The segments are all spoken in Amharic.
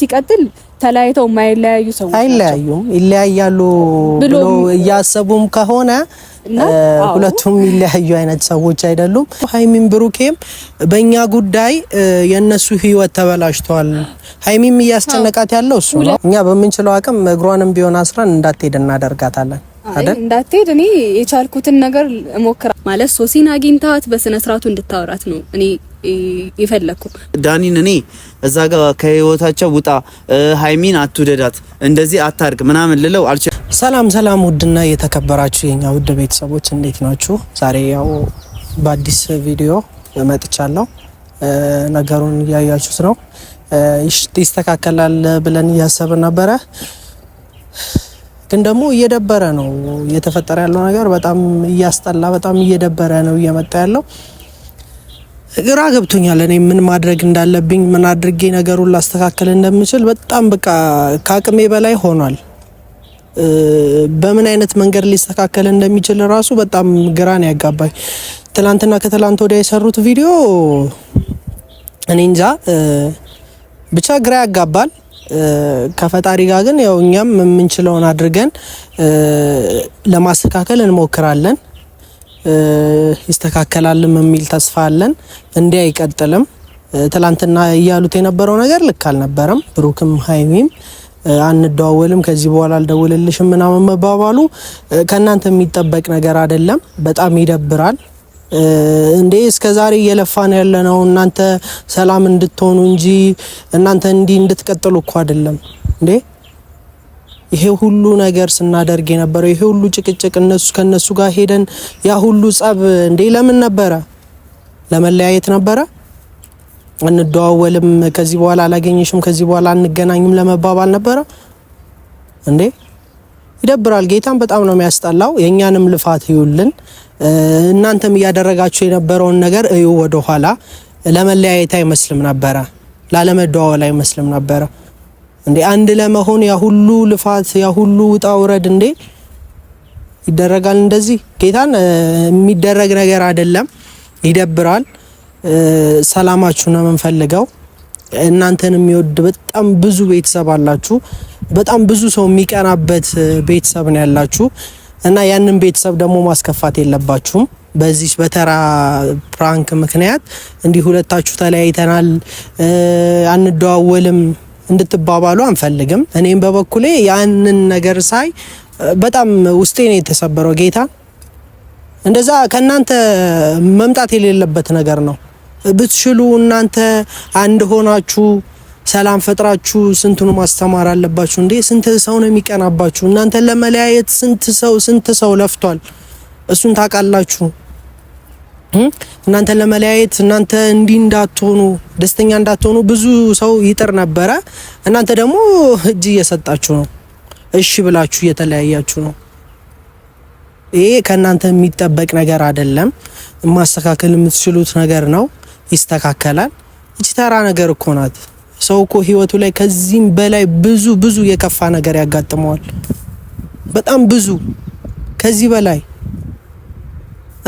ሲቀጥል ተለያይተው የማይለያዩ ሰዎች አይለያዩ ይለያያሉ ብሎ እያሰቡም ከሆነ ሁለቱም ይለያዩ አይነት ሰዎች አይደሉም። ሀይሚም ብሩኬም በእኛ ጉዳይ የእነሱ ህይወት ተበላሽቷል። ሀይሚም እያስጨነቃት ያለው እሱ ነው። እኛ በምንችለው አቅም እግሯንም ቢሆን አስረን እንዳትሄድ እናደርጋታለን። እንዳትሄድ እኔ የቻልኩትን ነገር እሞክራ ማለት ሶሲን አግኝታት በስነስርዓቱ እንድታወራት ነው እኔ የፈለኩ ዳኒን እኔ እዛ ጋር ከህይወታቸው ውጣ፣ ሀይሚን አትውደዳት፣ እንደዚህ አታርግ ምናምን ልለው አልች። ሰላም ሰላም፣ ውድና የተከበራችሁ የኛ ውድ ቤተሰቦች እንዴት ናችሁ? ዛሬ ያው በአዲስ ቪዲዮ መጥቻለሁ። ነገሩን እያያችሁት ነው። ይስተካከላል ብለን እያሰብን ነበረ፣ ግን ደግሞ እየደበረ ነው እየተፈጠረ ያለው ነገር። በጣም እያስጠላ፣ በጣም እየደበረ ነው እየመጣ ያለው ግራ ገብቶኛል። እኔ ምን ማድረግ እንዳለብኝ ምን አድርጌ ነገሩን ላስተካከል እንደምችል በጣም በቃ ከአቅሜ በላይ ሆኗል። በምን አይነት መንገድ ሊስተካከል እንደሚችል ራሱ በጣም ግራ ነው ያጋባኝ። ትላንትና ከትላንት ወዲያ የሰሩት ቪዲዮ እኔ እንጃ ብቻ ግራ ያጋባል። ከፈጣሪ ጋር ግን ያው እኛም የምንችለውን አድርገን ለማስተካከል እንሞክራለን። ይስተካከላልም የሚል ተስፋ አለን። እንዲህ አይቀጥልም። ትላንትና እያሉት የነበረው ነገር ልክ አልነበረም። ብሩክም ሀይሚም አንደዋወልም ከዚህ በኋላ አልደውልልሽም ምናምን መባባሉ ከእናንተ የሚጠበቅ ነገር አይደለም። በጣም ይደብራል። እንዴ እስከ ዛሬ እየለፋን ያለ ነው እናንተ ሰላም እንድትሆኑ እንጂ እናንተ እንዲህ እንድትቀጥሉ እኮ አይደለም እንዴ ይሄ ሁሉ ነገር ስናደርግ የነበረው ይሄ ሁሉ ጭቅጭቅ እነሱ ከነሱ ጋር ሄደን ያ ሁሉ ጸብ እንዴ ለምን ነበረ? ለመለያየት ነበረ? እንደዋወልም ከዚህ በኋላ አላገኘሽም፣ ከዚህ በኋላ አንገናኝም ለመባባል ነበረ እንዴ? ይደብራል። ጌታን በጣም ነው የሚያስጠላው። የእኛንም ልፋት ይውልን። እናንተም እያደረጋችሁ የነበረውን ነገር እዩ። ወደኋላ ለመለያየት አይመስልም ነበረ፣ ላለመደዋወል አይመስልም ነበረ። እንዴ አንድ ለመሆን ያ ሁሉ ልፋት ያ ሁሉ ውጣ ውረድ እንዴ ይደረጋል እንደዚህ? ጌታን የሚደረግ ነገር አይደለም። ይደብራል። ሰላማችሁ ነው የምንፈልገው። እናንተን የሚወድ በጣም ብዙ ቤተሰብ አላችሁ። በጣም ብዙ ሰው የሚቀናበት ቤተሰብ ነው ያላችሁ እና ያንን ቤተሰብ ደግሞ ማስከፋት የለባችሁም። በዚህ በተራ ፕራንክ ምክንያት እንዲህ ሁለታችሁ ተለያይተናል አንደዋወልም እንድትባባሉ አንፈልግም። እኔም በበኩሌ ያንን ነገር ሳይ በጣም ውስጤ ነው የተሰበረው። ጌታ እንደዛ ከእናንተ መምጣት የሌለበት ነገር ነው። ብትችሉ እናንተ አንድ ሆናችሁ ሰላም ፈጥራችሁ ስንቱን ማስተማር አለባችሁ እንዴ! ስንት ሰው ነው የሚቀናባችሁ? እናንተ ለመለያየት ስንት ሰው ስንት ሰው ለፍቷል። እሱን ታውቃላችሁ። እናንተ ለመለያየት እናንተ እንዲህ እንዳትሆኑ ደስተኛ እንዳትሆኑ ብዙ ሰው ይጥር ነበረ። እናንተ ደግሞ እጅ እየሰጣችሁ ነው፣ እሺ ብላችሁ እየተለያያችሁ ነው። ይሄ ከእናንተ የሚጠበቅ ነገር አይደለም። ማስተካከል የምትችሉት ነገር ነው፣ ይስተካከላል። እቺ ተራ ነገር እኮ ናት። ሰው እኮ ህይወቱ ላይ ከዚህም በላይ ብዙ ብዙ የከፋ ነገር ያጋጥመዋል። በጣም ብዙ ከዚህ በላይ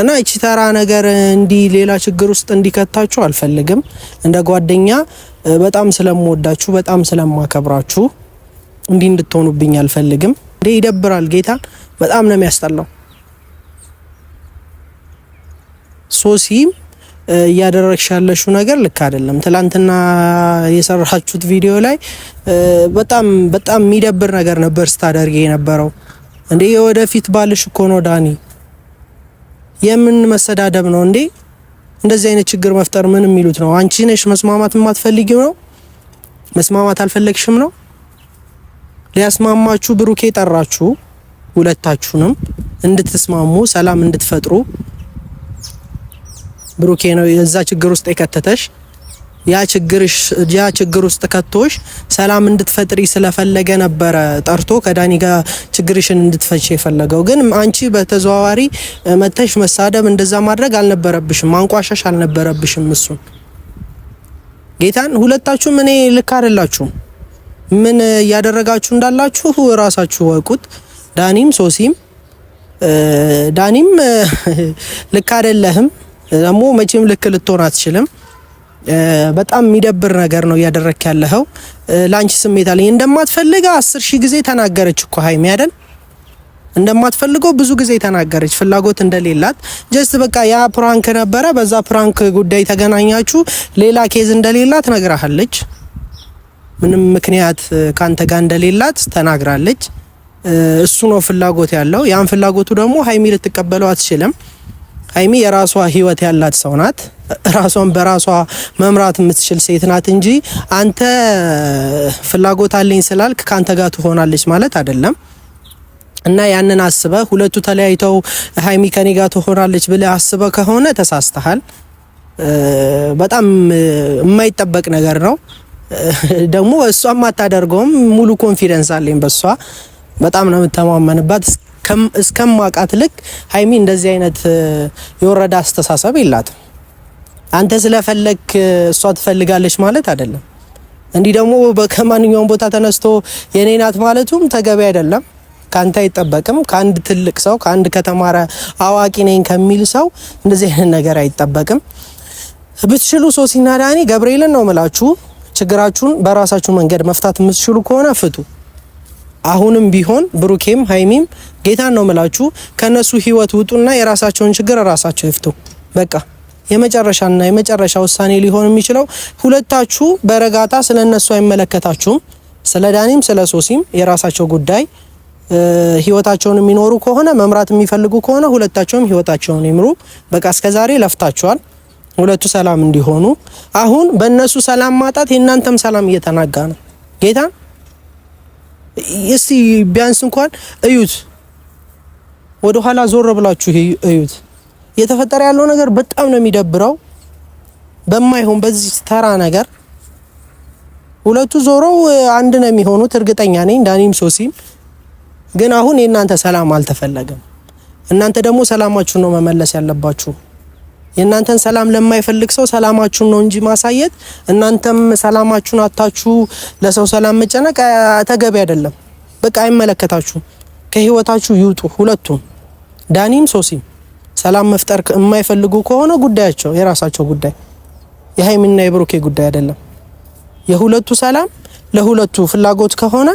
እና እቺ ተራ ነገር እንዲህ ሌላ ችግር ውስጥ እንዲከታችሁ አልፈልግም። እንደ ጓደኛ በጣም ስለምወዳችሁ በጣም ስለማከብራችሁ እንዲህ እንድትሆኑብኝ አልፈልግም። እንዴ ይደብራል። ጌታ በጣም ነው የሚያስጠላው። ሶሲም እያደረግሽ ያለሽው ነገር ልክ አይደለም። ትላንትና የሰራችሁት ቪዲዮ ላይ በጣም በጣም የሚደብር ነገር ነበር ስታደርጊ የነበረው። እንዴ የወደፊት ባልሽ እኮ ነው ዳኒ የምን መሰዳደብ ነው እንዴ? እንደዚህ አይነት ችግር መፍጠር ምን የሚሉት ነው? አንቺ ነሽ መስማማት የማትፈልጊው ነው? መስማማት አልፈለግሽም ነው? ሊያስማማችሁ ብሩኬ ጠራችሁ፣ ሁለታችሁንም እንድትስማሙ ሰላም እንድትፈጥሩ ብሩኬ ነው የዛ ችግር ውስጥ የከተተሽ። ያ ችግር ውስጥ ከቶሽ ሰላም እንድትፈጥሪ ስለፈለገ ነበረ ጠርቶ ከዳኒ ጋር ችግርሽን እንድትፈች የፈለገው። ግን አንቺ በተዘዋዋሪ መተሽ መሳደብ እንደዛ ማድረግ አልነበረብሽም፣ ማንቋሻሽ አልነበረብሽም። እሱን ጌታን ሁለታችሁም እኔ ልክ አይደላችሁ። ምን እያደረጋችሁ እንዳላችሁ እራሳችሁ ወቁት። ዳኒም ሶሲም ዳኒም ልክ አይደለህም ደግሞ መቼም ልክ ልትሆን አትችልም። በጣም የሚደብር ነገር ነው እያደረክ ያለኸው። ላንች ስሜት አለኝ። እንደማትፈልገው አስር ሺህ ጊዜ ተናገረች እኮ ሀይሚ አይደል? እንደማትፈልገው ብዙ ጊዜ ተናገረች፣ ፍላጎት እንደሌላት ጀስት በቃ ያ ፕራንክ ነበረ። በዛ ፕራንክ ጉዳይ ተገናኛችሁ፣ ሌላ ኬዝ እንደሌላት ነግራሃለች። ምንም ምክንያት ካንተ ጋር እንደሌላት ተናግራለች። እሱ ነው ፍላጎት ያለው። ያን ፍላጎቱ ደግሞ ሀይሚ ልትቀበለው አትችልም። ሀይሚ የራሷ ህይወት ያላት ሰው ናት። ራሷን በራሷ መምራት የምትችል ሴት ናት እንጂ አንተ ፍላጎት አለኝ ስላልክ ከአንተ ጋር ትሆናለች ማለት አይደለም። እና ያንን አስበ ሁለቱ ተለያይተው ሀይሚ ከኔ ጋር ትሆናለች ብለ አስበ ከሆነ ተሳስተሃል። በጣም የማይጠበቅ ነገር ነው። ደግሞ እሷም አታደርገውም። ሙሉ ኮንፊደንስ አለኝ በእሷ። በጣም ነው የምተማመንባት እስከማቃት ልክ። ሀይሚ እንደዚህ አይነት የወረደ አስተሳሰብ የላትም። አንተ ስለፈለክ እሷ ትፈልጋለች ማለት አይደለም። እንዲህ ደግሞ ከማንኛውም ቦታ ተነስቶ የኔ ናት ማለቱም ተገቢ አይደለም፣ ከአንተ አይጠበቅም። ከአንድ ትልቅ ሰው ከአንድ ከተማረ አዋቂ ነኝ ከሚል ሰው እንደዚህ አይነት ነገር አይጠበቅም። ብትችሉ ሶሲና ዳኒ ገብርኤልን ነው ምላችሁ፣ ችግራችሁን በራሳችሁ መንገድ መፍታት የምትችሉ ከሆነ ፍቱ። አሁንም ቢሆን ብሩኬም ሀይሚም ጌታን ነው ምላችሁ፣ ከነሱ ህይወት ውጡና የራሳቸውን ችግር ራሳቸው ይፍቱ። በቃ የመጨረሻና የመጨረሻ ውሳኔ ሊሆን የሚችለው ሁለታችሁ በረጋታ ስለ እነሱ አይመለከታችሁም። ስለ ዳኒም ስለ ሶሲም የራሳቸው ጉዳይ ህይወታቸውን የሚኖሩ ከሆነ መምራት የሚፈልጉ ከሆነ ሁለታቸውም ህይወታቸውን ይምሩ። በቃ እስከዛሬ ለፍታችኋል። ሁለቱ ሰላም እንዲሆኑ አሁን በእነሱ ሰላም ማጣት የእናንተም ሰላም እየተናጋ ነው። ጌታ እስቲ ቢያንስ እንኳን እዩት፣ ወደኋላ ኋላ ዞር ብላችሁ እዩት። እየተፈጠረ ያለው ነገር በጣም ነው የሚደብረው። በማይሆን በዚህ ተራ ነገር ሁለቱ ዞረው አንድ ነው የሚሆኑት፣ እርግጠኛ ነኝ ዳኒም ሶሲም። ግን አሁን የእናንተ ሰላም አልተፈለገም። እናንተ ደግሞ ሰላማችሁን ነው መመለስ ያለባችሁ። የእናንተን ሰላም ለማይፈልግ ሰው ሰላማችሁን ነው እንጂ ማሳየት፣ እናንተም ሰላማችሁን አታችሁ ለሰው ሰላም መጨነቅ ተገቢ አይደለም። በቃ አይመለከታችሁም። ከህይወታችሁ ይውጡ ሁለቱም ዳኒም ሶሲም። ሰላም መፍጠር የማይፈልጉ ከሆነ ጉዳያቸው የራሳቸው ጉዳይ፣ የሀይሚና የብሩኬ ጉዳይ አይደለም። የሁለቱ ሰላም ለሁለቱ ፍላጎት ከሆነ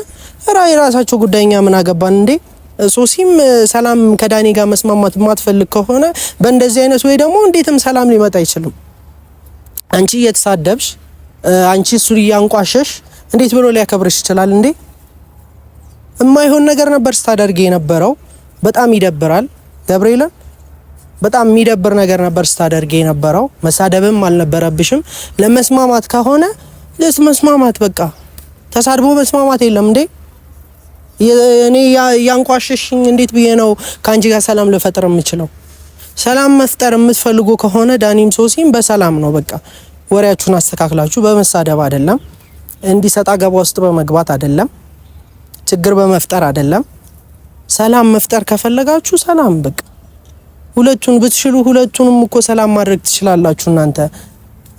ራ የራሳቸው ጉዳይ፣ እኛ ምን አገባን እንዴ? ሶሲም ሰላም ከዳኒ ጋር መስማማት የማትፈልግ ከሆነ በእንደዚህ አይነት ወይ ደግሞ እንዴትም ሰላም ሊመጣ አይችልም። አንቺ እየተሳደብሽ አንቺ እሱን እያንቋሸሽ እንዴት ብሎ ሊያከብርሽ ይችላል እንዴ? የማይሆን ነገር ነበር ስታደርግ የነበረው። በጣም ይደብራል ገብርኤልን በጣም የሚደብር ነገር ነበር ስታደርግ የነበረው። መሳደብም አልነበረብሽም። ለመስማማት ከሆነ ለስ መስማማት በቃ ተሳድቦ መስማማት የለም እንዴ? እኔ ያንቋሸሽኝ እንዴት ብዬ ነው ከአንቺ ጋር ሰላም ልፈጥር የምችለው? ሰላም መፍጠር የምትፈልጉ ከሆነ ዳኒም ሶሲም በሰላም ነው በቃ። ወሬያችሁን አስተካክላችሁ በመሳደብ አይደለም፣ እንዲሰጣ ገባ ውስጥ በመግባት አይደለም፣ ችግር በመፍጠር አይደለም። ሰላም መፍጠር ከፈለጋችሁ ሰላም በቃ ሁለቱን ብትችሉ ሁለቱንም እኮ ሰላም ማድረግ ትችላላችሁ እናንተ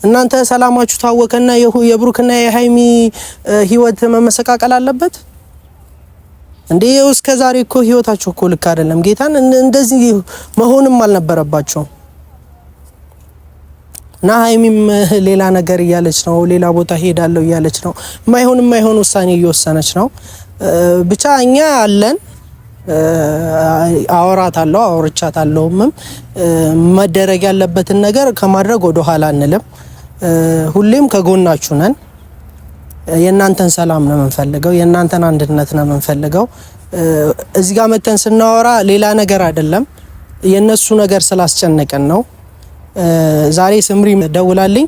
እናንተ ሰላማችሁ ታወከና የብሩክና የሀይሚ ህይወት መመሰቃቀል አለበት እንዴ? እስከ ዛሬ እኮ ህይወታችሁ እኮ ልክ አይደለም። ጌታን እንደዚህ መሆንም አልነበረባቸውም። እና ሃይሚም ሌላ ነገር እያለች ነው፣ ሌላ ቦታ ሄዳለሁ እያለች ነው። ማይሆን ማይሆን ውሳኔ እየወሰነች ነው። ብቻ እኛ አለን አወራታለሁ አውርቻታለሁም። መደረግ ያለበትን ነገር ከማድረግ ወደ ኋላ አንልም። ሁሌም ከጎናችሁ ነን። የእናንተን ሰላም ነው የምንፈልገው፣ የእናንተን አንድነት ነው የምንፈልገው። እዚህ ጋር መተን ስናወራ ሌላ ነገር አይደለም፣ የእነሱ ነገር ስላስጨነቀን ነው። ዛሬ ስምሪ ደውላልኝ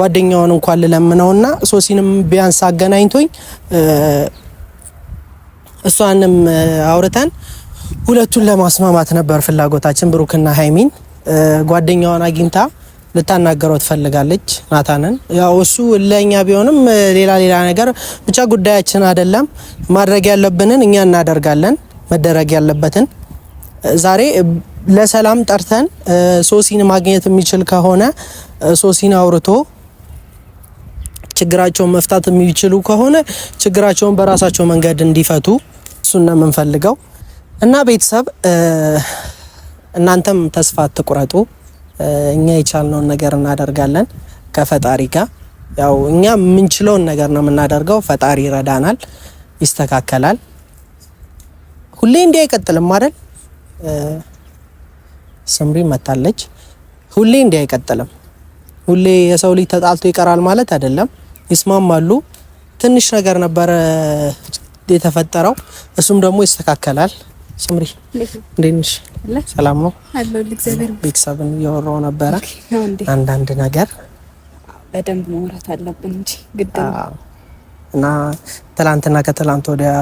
ጓደኛውን እንኳን ልለምነውና ሶሲንም ቢያንስ አገናኝቶኝ እሷንም አውርተን ሁለቱን ለማስማማት ነበር ፍላጎታችን። ብሩክና ሀይሚን ጓደኛዋን አግኝታ ልታናገረው ትፈልጋለች ናታንን። ያው እሱ ለእኛ ቢሆንም ሌላ ሌላ ነገር ብቻ ጉዳያችን አይደለም። ማድረግ ያለብንን እኛ እናደርጋለን፣ መደረግ ያለበትን ዛሬ ለሰላም ጠርተን ሶሲን ማግኘት የሚችል ከሆነ ሶሲን አውርቶ ችግራቸውን መፍታት የሚችሉ ከሆነ ችግራቸውን በራሳቸው መንገድ እንዲፈቱ እሱን ነው የምንፈልገው እና ቤተሰብ እናንተም ተስፋ አትቁረጡ። እኛ የቻልነውን ነገር እናደርጋለን ከፈጣሪ ጋር ያው እኛ የምንችለውን ነገር ነው የምናደርገው። ፈጣሪ ይረዳናል፣ ይስተካከላል። ሁሌ እንዲህ አይቀጥልም አይደል? ስምሪ መታለች። ሁሌ እንዲህ አይቀጥልም። ሁሌ የሰው ልጅ ተጣልቶ ይቀራል ማለት አይደለም። ይስማማሉ። ትንሽ ነገር ነበረ የተፈጠረው፣ እሱም ደግሞ ይስተካከላል። ስምሪ እንዴት ነሽ? ሰላም ነው? ቤተሰብን እያወራሁ ነበረ። አንዳንድ ነገር በደንብ መውራት አለብን እንጂ ግድ እና ትላንትና ከትላንት ወዲያ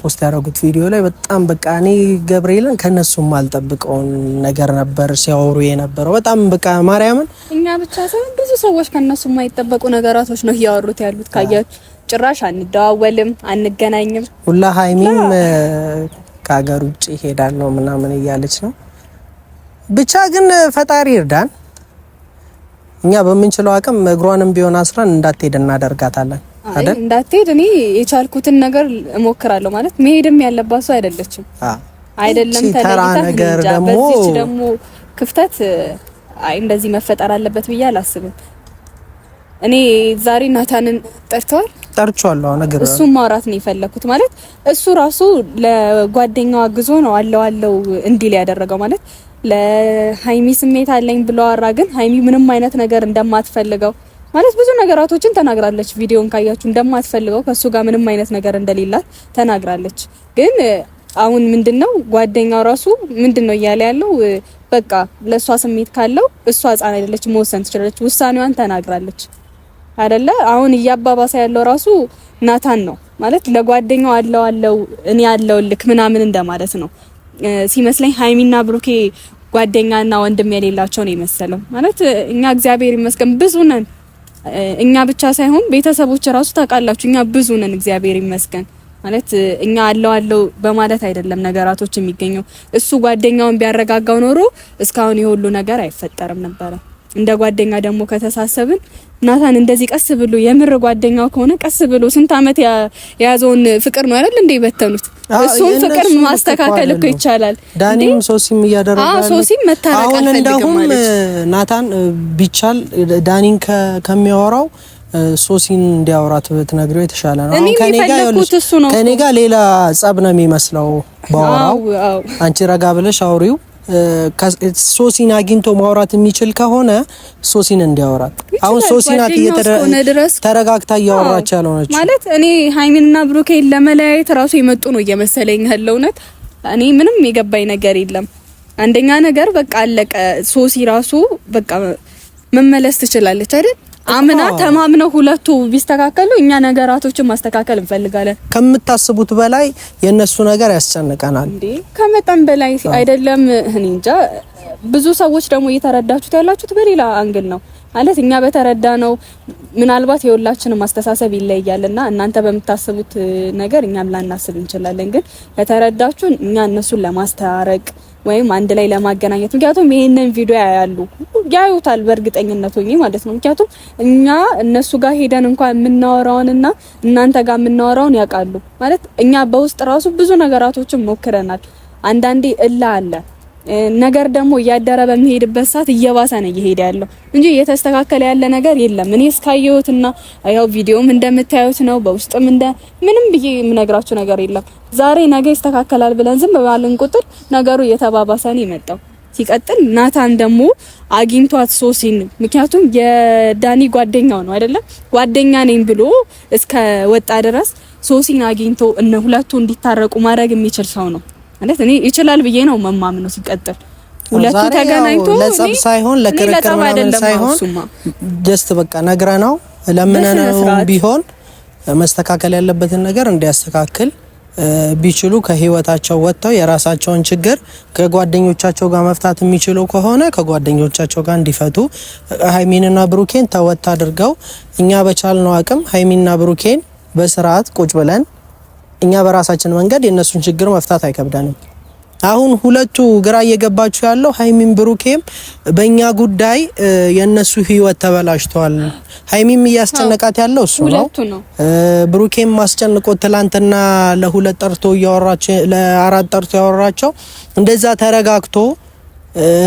ፖስት ያደረጉት ቪዲዮ ላይ በጣም በቃ እኔ ገብርኤልን ከነሱም አልጠብቀውን ነገር ነበር ሲያወሩ የነበረው። በጣም በቃ ማርያምን እኛ ብቻ ሳይሆን ብዙ ሰዎች ከነሱ የማይጠበቁ ነገራቶች ነው እያወሩት ያሉት። ካያችሁ ጭራሽ አንደዋወልም፣ አንገናኝም ሁላ ሀይሚም ከሀገር ውጭ ሄዳለሁ ምናምን እያለች ነው። ብቻ ግን ፈጣሪ እርዳን። እኛ በምንችለው አቅም እግሯንም ቢሆን አስራን እንዳትሄድ እናደርጋታለን። እንዳትሄድ እኔ የቻልኩትን ነገር እሞክራለሁ። ማለት መሄድም ያለባት ሰው አይደለችም አይደለም ተራ ነገር ደግሞ ደግሞ ክፍተት አይ እንደዚህ መፈጠር አለበት ብዬ አላስብም። እኔ ዛሬ ናታንን ጠርተዋል ጠርቻለሁ ነገር እሱ ማውራት ነው የፈለኩት። ማለት እሱ ራሱ ለጓደኛው አግዞ ነው አለው አለው እንዲል ያደረገው ማለት ለሀይሚ ስሜት አለኝ ብሎ አወራ። ግን ሀይሚ ምንም አይነት ነገር እንደማትፈልገው ማለት ብዙ ነገራቶችን ተናግራለች። ቪዲዮን ካያችሁ እንደማትፈልገው ከሱ ጋር ምንም አይነት ነገር እንደሌላት ተናግራለች። ግን አሁን ምንድነው ጓደኛው ራሱ ምንድነው እያለ ያለው በቃ ለእሷ ስሜት ካለው እሷ ህጻን አይደለች፣ መወሰን ትችላለች። ውሳኔዋን ተናግራለች አይደለ? አሁን እያባባሰ ያለው ራሱ ናታን ነው ማለት ለጓደኛው አለው አለው እኔ ያለው ልክ ምናምን እንደማለት ነው ሲመስለኝ ሀይሚና ብሩኬ ጓደኛና ወንድም የሌላቸው ነው የመሰለው። ማለት እኛ እግዚአብሔር ይመስገን ብዙ ነን። እኛ ብቻ ሳይሆን ቤተሰቦች ራሱ ታውቃላችሁ፣ እኛ ብዙ ነን፣ እግዚአብሔር ይመስገን። ማለት እኛ አለው አለው በማለት አይደለም ነገራቶች የሚገኘው። እሱ ጓደኛውን ቢያረጋጋው ኖሮ እስካሁን የሁሉ ነገር አይፈጠርም ነበረ። እንደ ጓደኛ ደግሞ ከተሳሰብን ናታን እንደዚህ ቀስ ብሎ የምር ጓደኛው ከሆነ ቀስ ብሎ ስንት አመት የያዘውን ፍቅር ነው አይደል እንዴ በተኑት። እሱም ፍቅር ማስተካከል እኮ ይቻላል። ዳኒም ሶሲም እያደረገ አዎ፣ ሶሲም መታረቅ አልፈልግም አለች። ናታን ቢቻል ዳኒን ከሚያወራው ሶሲን እንዲያወራት ብትነግሪው የተሻለ ነው። አሁን ከኔ ጋር ሌላ ጸብ ነው የሚመስለው ባወራው። አንቺ ረጋ ብለሽ አውሪው ሶሲን አግኝቶ ማውራት የሚችል ከሆነ ሶሲን እንዲያወራት። አሁን ሶሲን ተረጋግታ እያወራች ያለሆነች ማለት እኔ ሀይሚንና ብሩኬን ለመለያየት ራሱ የመጡ ነው እየመሰለኝ ያለ እውነት እኔ ምንም የገባኝ ነገር የለም። አንደኛ ነገር በቃ አለቀ። ሶሲ ራሱ በቃ መመለስ ትችላለች አይደል? አምና ተማምነው ሁለቱ ቢስተካከሉ እኛ ነገራቶችን ማስተካከል እንፈልጋለን። ከምታስቡት በላይ የእነሱ ነገር ያስጨንቀናል። ከመጠን በላይ አይደለም። እኔ እንጃ። ብዙ ሰዎች ደግሞ እየተረዳችሁት ያላችሁት በሌላ አንግል ነው ማለት እኛ በተረዳ ነው። ምናልባት የሁላችንም ማስተሳሰብ ይለያልና እናንተ በምታስቡት ነገር እኛም ላናስብ እንችላለን። ግን ከተረዳችሁን እኛ እነሱን ለማስተራረቅ ወይም አንድ ላይ ለማገናኘት ምክንያቱም ይሄንን ቪዲዮ ያያሉ ያዩታል፣ በእርግጠኝነት ሆኜ ማለት ነው። ምክንያቱም እኛ እነሱ ጋር ሄደን እንኳን የምናወራውንና እናንተ ጋር የምናወራውን ያውቃሉ ማለት እኛ በውስጥ ራሱ ብዙ ነገራቶችን ሞክረናል። አንዳንዴ እላ አለ ነገር ደግሞ እያደረ በሚሄድበት ሰዓት እየባሰ ነው እየሄደ ያለው እንጂ እየተስተካከለ ያለ ነገር የለም። እኔ እስካየሁትና ያው ቪዲዮም እንደምታዩት ነው። በውስጥም እንደ ምንም ብዬ የምነግራችሁ ነገር የለም። ዛሬ ነገ ይስተካከላል ብለን ዝም ባልን ቁጥር ነገሩ እየተባባሰ ነው የመጣው። ሲቀጥል ናታን ደግሞ አግኝቷት ሶሲን፣ ምክንያቱም የዳኒ ጓደኛው ነው አይደለም፣ ጓደኛ ነኝ ብሎ እስከ ወጣ ድረስ ሶሲን አግኝቶ እነ ሁለቱ እንዲታረቁ ማድረግ የሚችል ሰው ነው። ማለት እኔ ይችላል ብዬ ነው መማምነው ሲቀጥል ሁለቱ ተገናኝቶ ለጸብ ሳይሆን ለክርክር ምናምን ሳይሆን ጀስት በቃ ነግረ ነው ለምነነው ቢሆን መስተካከል ያለበትን ነገር እንዲያስተካክል ቢችሉ ከህይወታቸው ወጥተው የራሳቸውን ችግር ከጓደኞቻቸው ጋር መፍታት የሚችሉ ከሆነ ከጓደኞቻቸው ጋር እንዲፈቱ ሀይሚንና ብሩኬን ተወት አድርገው እኛ በቻልነው አቅም ሀይሚንና ብሩኬን በስርዓት ቁጭ ብለን እኛ በራሳችን መንገድ የእነሱን ችግር መፍታት አይከብደንም። አሁን ሁለቱ ግራ እየገባችሁ ያለው ሀይሚም ብሩኬም በእኛ ጉዳይ የእነሱ ህይወት ተበላሽቷል። ሀይሚም እያስጨነቃት ያለው እሱ ነው። ብሩኬም ማስጨንቆ ትላንትና ለሁለት ጠርቶ እያወራቸው ለአራት ጠርቶ ያወራቸው እንደዛ ተረጋግቶ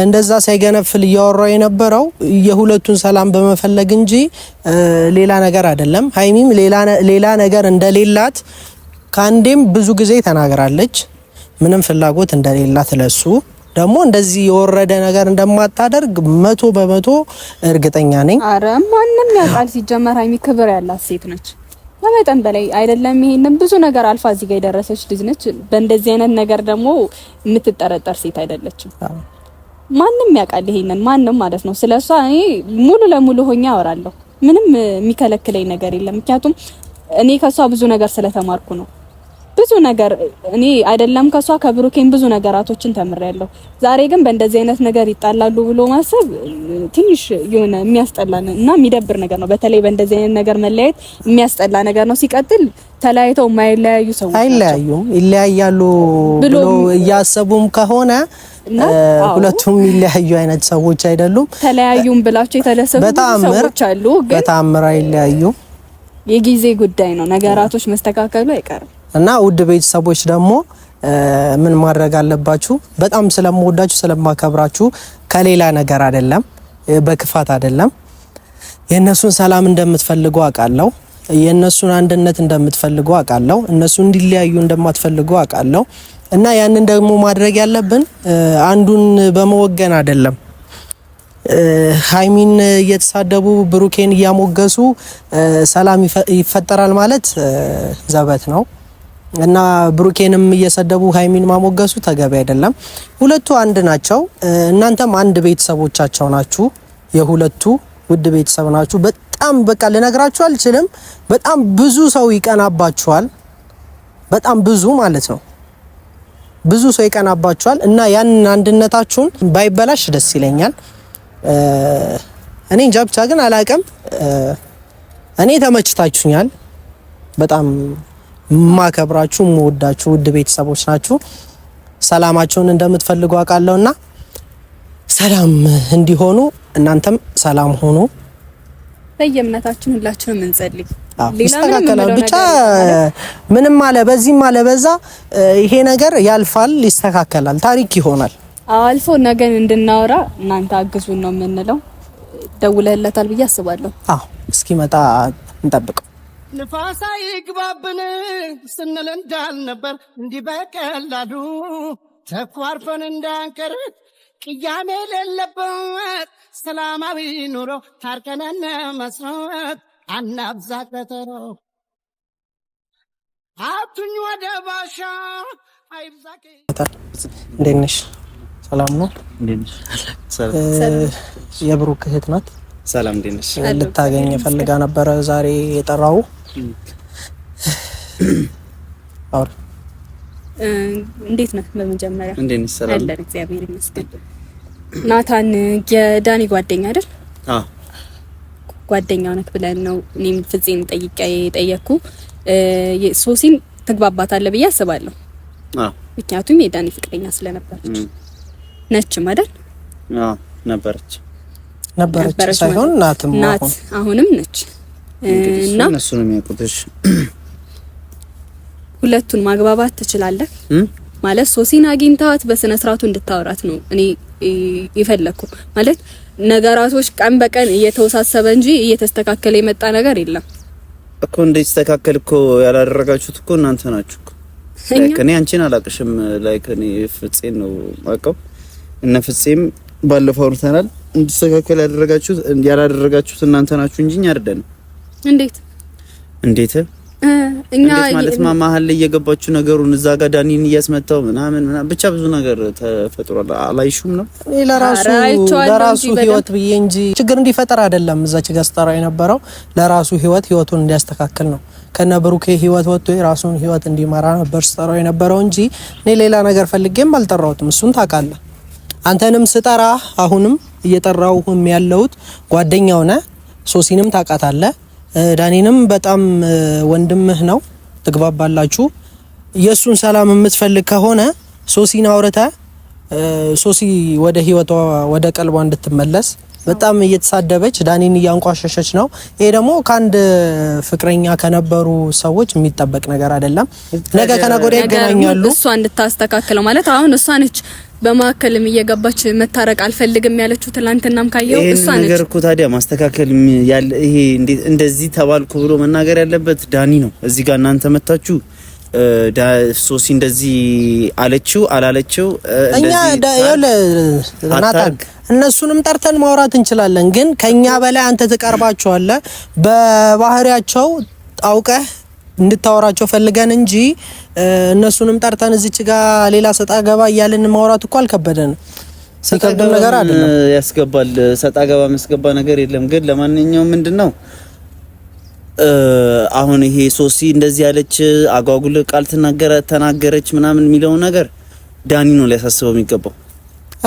እንደዛ ሳይገነፍል እያወራው የነበረው የሁለቱን ሰላም በመፈለግ እንጂ ሌላ ነገር አይደለም። ሀይሚም ሌላ ነገር እንደሌላት ከአንዴም ብዙ ጊዜ ተናግራለች። ምንም ፍላጎት እንደሌላት ለሱ ደግሞ እንደዚህ የወረደ ነገር እንደማታደርግ መቶ በመቶ እርግጠኛ ነኝ። አረ ማንም ያውቃል። ሲጀመር ሀይሚ ክብር ያላት ሴት ነች ከመጠን በላይ አይደለም። ይሄንን ብዙ ነገር አልፋ እዚህ ጋር የደረሰች ልጅ ነች። በእንደዚህ አይነት ነገር ደግሞ የምትጠረጠር ሴት አይደለችም። ማንም ያውቃል ይሄንን፣ ማንም ማለት ነው። ስለሷ እኔ ሙሉ ለሙሉ ሆኜ አወራለሁ። ምንም የሚከለክለኝ ነገር የለም። ምክንያቱም እኔ ከሷ ብዙ ነገር ስለተማርኩ ነው። ብዙ ነገር እኔ አይደለም ከሷ ከብሩኬን ብዙ ነገራቶችን ተምሬያለሁ። ዛሬ ግን በእንደዚህ አይነት ነገር ይጣላሉ ብሎ ማሰብ ትንሽ የሆነ የሚያስጠላ እና የሚደብር ነገር ነው። በተለይ በእንደዚህ አይነት ነገር መለያየት የሚያስጠላ ነገር ነው። ሲቀጥል ተለያይተው የማይለያዩ ሰዎች አይለያዩ ይለያያሉ ብሎ እያሰቡም ከሆነ ሁለቱም ይለያዩ አይነት ሰዎች አይደሉም። ተለያዩም ብላቸው የተደሰቱ ሰዎች አሉ። ግን በጣም አይለያዩ። የጊዜ ጉዳይ ነው። ነገራቶች መስተካከሉ አይቀርም። እና ውድ ቤተሰቦች ደግሞ ምን ማድረግ አለባችሁ? በጣም ስለምወዳችሁ ስለማከብራችሁ፣ ከሌላ ነገር አይደለም፣ በክፋት አይደለም። የእነሱን ሰላም እንደምትፈልጉ አውቃለሁ። የእነሱን አንድነት እንደምትፈልጉ አውቃለሁ። እነሱ እንዲለያዩ እንደማትፈልጉ አውቃለሁ። እና ያንን ደግሞ ማድረግ ያለብን አንዱን በመወገን አይደለም። ሀይሚን እየተሳደቡ ብሩኬን እያሞገሱ ሰላም ይፈጠራል ማለት ዘበት ነው። እና ብሩኬንም እየሰደቡ ሀይሚን ማሞገሱ ተገቢ አይደለም። ሁለቱ አንድ ናቸው። እናንተም አንድ ቤተሰቦቻቸው ናችሁ። የሁለቱ ውድ ቤተሰብ ናችሁ። በጣም በቃ ልነግራችሁ አልችልም። በጣም ብዙ ሰው ይቀናባችኋል። በጣም ብዙ ማለት ነው። ብዙ ሰው ይቀናባችኋል እና ያንን አንድነታችሁን ባይበላሽ ደስ ይለኛል። እኔ እንጃ ብቻ ግን አላቅም። እኔ ተመችታችሁኛል በጣም ማከብራችሁ የምወዳችሁ ውድ ቤተሰቦች ናችሁ። ሰላማቸውን እንደምትፈልጉ አውቃለሁና ሰላም እንዲሆኑ እናንተም ሰላም ሆኑ። በየእምነታችን ሁላችንም እንጸልይ። ይስተካከላል ብቻ ምንም አለ በዚህም አለ በዛ ይሄ ነገር ያልፋል፣ ይስተካከላል፣ ታሪክ ይሆናል። አልፎ ነገን እንድናወራ እናንተ አግዙን ነው የምንለው። ደውለህለታል ብዬ አስባለሁ። አዎ እስኪመጣ እንጠብቀው። ንፋሳ ይግባብን ስንል እንዳልነበር እንዲህ በቀላሉ ተኳርፈን እንዳንቀር ቅያሜ የሌለበት ሰላማዊ ኑሮ ታርቀነን መስረት አናብዛ ቀጠሮ አቱኝ ወደ ባሻ አይብዛቅ። እንዴት ነሽ? ሰላም ነው። የብሩክ እህት ናት። ሰላም እንዴት ነሽ? ልታገኝ ፈልጋ ነበረ ዛሬ የጠራው አውር እንዴት ነህ? በመጀመሪያ እንዴት ነሽ? ሰላም አለን፣ እግዚአብሔር ይመስገን። ናታን የዳኒ ጓደኛ አይደል? አዎ ጓደኛው ነክ ብለን ነው እኔም ፍፄን ጠይቄ የጠየቅኩ። ሶሲን ትግባባታለህ ብዬ አስባለሁ። አዎ ምክንያቱም የዳኒ ፍቅረኛ ስለነበረች ነችም አይደል? አዎ ነበረች። ነበረች ሳይሆን ናትም ናት፣ አሁንም ነች። እና እነሱ ነው የሚያውቁትሽ። ሁለቱን ማግባባት ትችላለህ ማለት ሶሲን አግኝታት በስነ ስርዓቱ እንድታወራት ነው እኔ የፈለግኩ ማለት ነገራቶች ቀን በቀን እየተወሳሰበ እንጂ እየተስተካከለ የመጣ ነገር የለም እኮ። እንዲስተካከል እኮ ያላደረጋችሁት እኮ እናንተ ናችሁ። እኔ አንቺን አላቅሽም። ላይክ እኔ ነው አውቀው። እነ ባለፈው አውርተናል። እንዲስተካከል ያደረጋችሁት ያላደረጋችሁት እናንተ ናችሁ እንጂ እኛ አይደለም። እንዴት እንዴት እኛ ማለት መሀል ላይ እየገባችሁ ነገሩን እዛ ጋር ዳኒን እያስመታው ምናምን ምናምን ብቻ ብዙ ነገር ተፈጥሯል። አላይሹም ነው ለራሱ ለራሱ ህይወት ብዬ እንጂ ችግር እንዲፈጠር አይደለም። እዛች ጋር ስጠራው የነበረው ለራሱ ህይወት ህይወቱን እንዲያስተካክል ነው። ከነ ብሩኬ ህይወት ወጥቶ የራሱን ህይወት እንዲመራ ነበር ስጠራው የነበረው እንጂ እኔ ሌላ ነገር ፈልጌም አልጠራሁትም። እሱን ታውቃለህ። አንተንም ስጠራ አሁንም እየጠራውም ያለሁት ጓደኛ ሆነ ሶሲንም ታውቃታለህ፣ ዳኒንም በጣም ወንድምህ ነው፣ ትግባባላችሁ። የእሱን ሰላም የምትፈልግ ከሆነ ሶሲን አውርተ ሶሲ ወደ ህይወቷ ወደ ቀልቧ እንድትመለስ በጣም እየተሳደበች ዳኒን እያንቋሸሸች ነው። ይሄ ደግሞ ከአንድ ፍቅረኛ ከነበሩ ሰዎች የሚጠበቅ ነገር አይደለም። ነገ ከነገ ወዲያ ይገናኛሉ። እሷ እንድታስተካክለው ማለት አሁን እሷ ነች በመካከልም እየገባች መታረቅ አልፈልግም ያለችው ትላንትናም ካየው እሷ ነች። ነገር እኮ ታዲያ ማስተካከል ያለ ይሄ እንደዚህ ተባልኩ ብሎ መናገር ያለበት ዳኒ ነው። እዚህ ጋር እናንተ መታችሁ ሶሲ እንደዚህ አለችው አላለችው እኛ እነሱንም ጠርተን ማውራት እንችላለን፣ ግን ከኛ በላይ አንተ ትቀርባቸዋለህ በባህሪያቸው አውቀህ እንድታወራቸው ፈልገን እንጂ እነሱንም ጠርተን እዚች ጋር ሌላ ሰጣ ገባ እያልን ማውራት እኮ አልከበደንም። ሲከብድም ነገር አይደለም ያስገባል። ሰጣ ገባ የሚያስገባ ነገር የለም። ግን ለማንኛውም ምንድን ነው አሁን ይሄ ሶሲ እንደዚህ ያለች አጓጉል ቃል ትናገረ ተናገረች ምናምን የሚለው ነገር ዳኒ ነው ሊያሳስበው የሚገባው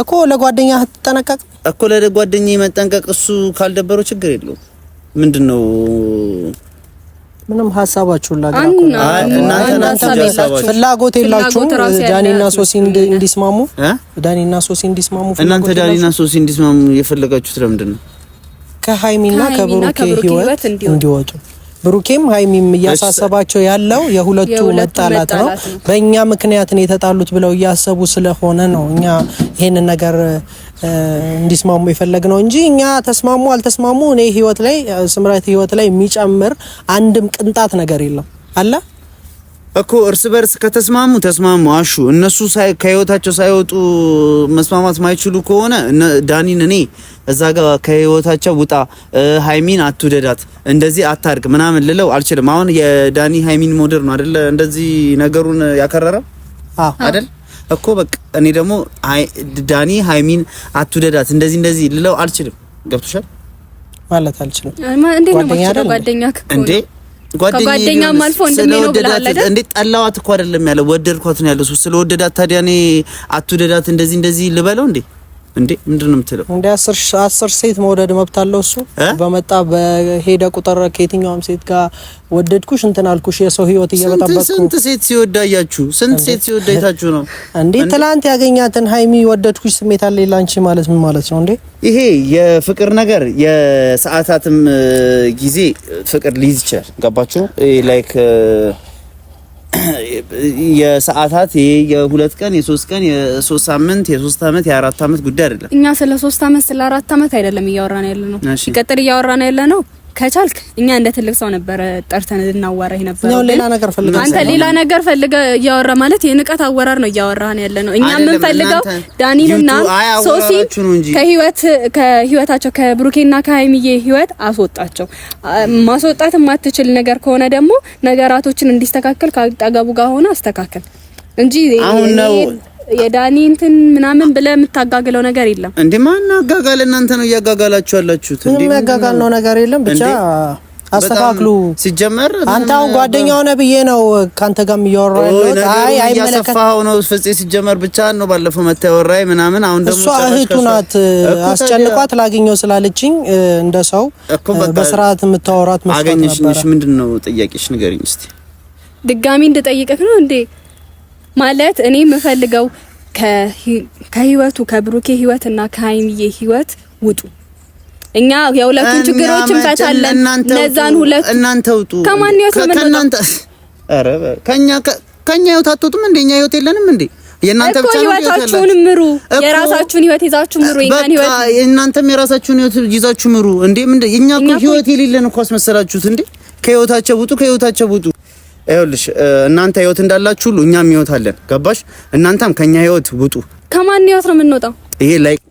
እኮ ለጓደኛ ትጠነቀቅ እኮ ለጓደኛ መጠንቀቅ እሱ ካልደበረው ችግር የለውም። ምንድን ነው ምንም ሀሳባችሁን ፍላጎት የላችሁም። ዳኒና ሶሲ እንዲስማሙ ዳኒና ሶሲ እንዲስማሙ እናንተ ዳኒና ሶሲ እንዲስማሙ የፈለጋችሁት ለምንድን ነው? ከሀይሚና ከብሩኬ ህይወት እንዲወጡ ብሩኬም ሀይሚም እያሳሰባቸው ያለው የሁለቱ መጣላት ነው። በእኛ ምክንያት ነው የተጣሉት ብለው እያሰቡ ስለሆነ ነው እኛ ይሄንን ነገር እንዲስማሙ የፈለግ ነው እንጂ እኛ ተስማሙ አልተስማሙ እኔ ህይወት ላይ ስምረት ህይወት ላይ የሚጨምር አንድም ቅንጣት ነገር የለም አላ እኮ እርስ በርስ ከተስማሙ ተስማሙ። አሹ እነሱ ከህይወታቸው ሳይወጡ መስማማት ማይችሉ ከሆነ ዳኒን እኔ እዛ ጋ ከህይወታቸው ውጣ፣ ሃይሚን አትውደዳት፣ እንደዚህ አታርግ ምናምን ልለው አልችልም። አሁን የዳኒ ሃይሚን ሞደር ነው አደለ እንደዚህ ነገሩን ያከረረው አደል እኮ በቃ እኔ ደግሞ ዳኒ ሃይሚን አትውደዳት፣ እንደዚህ እንደዚህ ልለው አልችልም። ገብቶሻል ማለት አልችልም። ጓደኛ ጓደኛም አልፎ እንደሚወደዳት እንዴት ጠላዋት እኮ አይደለም ያለው፣ ወደድኳት ነው ያለው። ስለወደዳት ታዲያ እኔ አትወደዳት እንደዚህ እንደዚህ ልበለው እንዴ? እንዴ ምንድን ነው የምትለው? እንደ አስር ሴት መውደድ መብት አለው እሱ። በመጣ በሄደ ቁጥር ከየትኛውም ሴት ጋር ወደድኩሽ እንትን አልኩሽ፣ የሰው ህይወት እየበጠበጥኩ ስንት ሴት ሲወዳያችሁ ስንት ሴት ሲወዳይታችሁ ነው እንዴ? ትላንት ያገኛትን ሀይሚ ወደድኩሽ ስሜት አለ ላንቺ ማለት ምን ማለት ነው እንዴ? ይሄ የፍቅር ነገር የሰዓታትም ጊዜ ፍቅር ሊይዝ ይችላል። ገባችሁ ላይክ የሰዓታት የሁለት ቀን የሶስት ቀን የሶስት ሳምንት የሶስት አመት የአራት አመት ጉዳይ አይደለም። እኛ ስለ ሶስት አመት ስለ አራት አመት አይደለም እያወራን ያለ ነው። ሲቀጥል እያወራን ያለ ነው ከቻልክ እኛ እንደ ትልቅ ሰው ነበረ ጠርተን ልናዋራህ ነበር። ሌላ ነገር ፈልገህ አንተ ሌላ ነገር ፈልገ እያወራ ማለት የንቀት አወራር ነው እያወራህን ያለ ነው። እኛ የምንፈልገው ዳኒንና ሶሲ ከህይወት ከህይወታቸው ከብሩኬና ከሀይሚዬ ህይወት አስወጣቸው። ማስወጣት የማትችል ነገር ከሆነ ደግሞ ነገራቶችን እንዲስተካከል ከአጠገቡ ጋር ሆነ አስተካከል እንጂ አሁን ነው የዳኒ እንትን ምናምን ብለ የምታጋግለው ነገር የለም እንዴ? ማን አጋጋል? እናንተ ነው እያጋጋላችሁ ያላችሁት እንዴ? የሚያጋጋል ነው ነገር የለም። ብቻ አስተካክሉ። ሲጀመር አንተ አሁን ጓደኛ ሆነ ብዬ ነው ካንተ ጋር እያወራ ያለው። አይ ነው ፍፄ። ሲጀመር ብቻ ነው ባለፈው መታ ያወራኝ ምናምን። አሁን ደግሞ እሷ እህቱ ናት አስጨንቋት ላገኘው ስላለችኝ እንደ ሰው በስርዓት የምታወራት መስሎኝ ነበር። አገኘሽ? ምንድን ነው ጥያቄሽ? ንገሪኝ እስቲ። ድጋሚ እንድጠይቅህ ነው እንዴ? ማለት እኔ የምፈልገው ከህይወቱ ከብሩኬ ህይወት እና ከሀይሚዬ ህይወት ውጡ። እኛ የሁለቱን ችግሮች እንፈታለን። ለዛን ሁለቱ እናንተ ውጡ። ከማን ነው ከእናንተ? አረ ከኛ ከኛ ህይወት አትወጡም እንዴ? እኛ ህይወት የለንም እንዴ? የእናንተ ብቻ ነው ህይወታችሁን ምሩ። የራሳችሁን ህይወት ይዛችሁ ምሩ። የኛን ህይወት እናንተም የራሳችሁን ህይወት ይዛችሁ ምሩ። እንዴ ምንድን እኛ እኮ ህይወት የሌለን እኮ አስመሰላችሁት እንዴ? ከህይወታቸው ውጡ፣ ከህይወታቸው ውጡ። ይኸውልሽ እናንተ ህይወት እንዳላችሁ ሁሉ እኛም ህይወት አለን። ገባሽ? እናንተም ከኛ ህይወት ውጡ። ከማን ህይወት ነው የምንወጣው? ይሄ ላይ